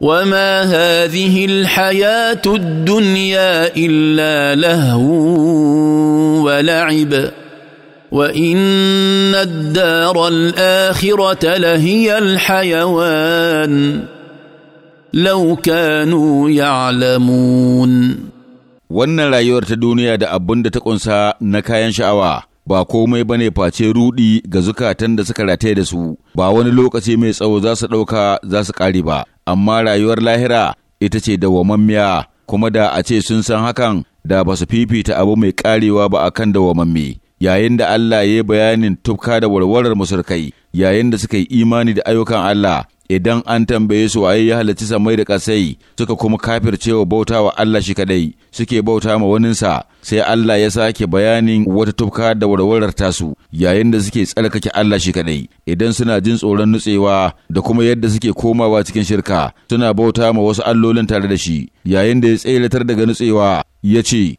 وما هذه الحياه الدنيا الا لهو ولعب وان الدار الاخره لهي الحيوان لو كانوا يعلمون wannan rayuwar ta duniya da abin da ta ƙunsa na kayan sha'awa ba komai bane face rudi ga zukatan da suka rataye da su ba wani lokaci mai tsawo za su ɗauka za su ƙare ba amma rayuwar lahira ita ce dawwamammiya kuma da a ce sun san hakan da ba su fifita abu mai karewa ba akan dawwamamme yayin da Allah ya yi bayanin tufka da warwarar musulkai yayin da suka yi imani da ayyukan Allah idan an tambaye su waye ya halarci samai da kasai suka kuma kafircewa bauta wa Allah shi kadai suke bauta ma waninsa sai Allah ya sake bayanin wata tufka da warwarar tasu yayin da suke tsarkake Allah shi kadai idan suna jin tsoron nutsewa da kuma yadda suke komawa cikin shirka suna bauta ma wasu allolin tare da shi yayin da ya tseratar daga nutsewa ya ce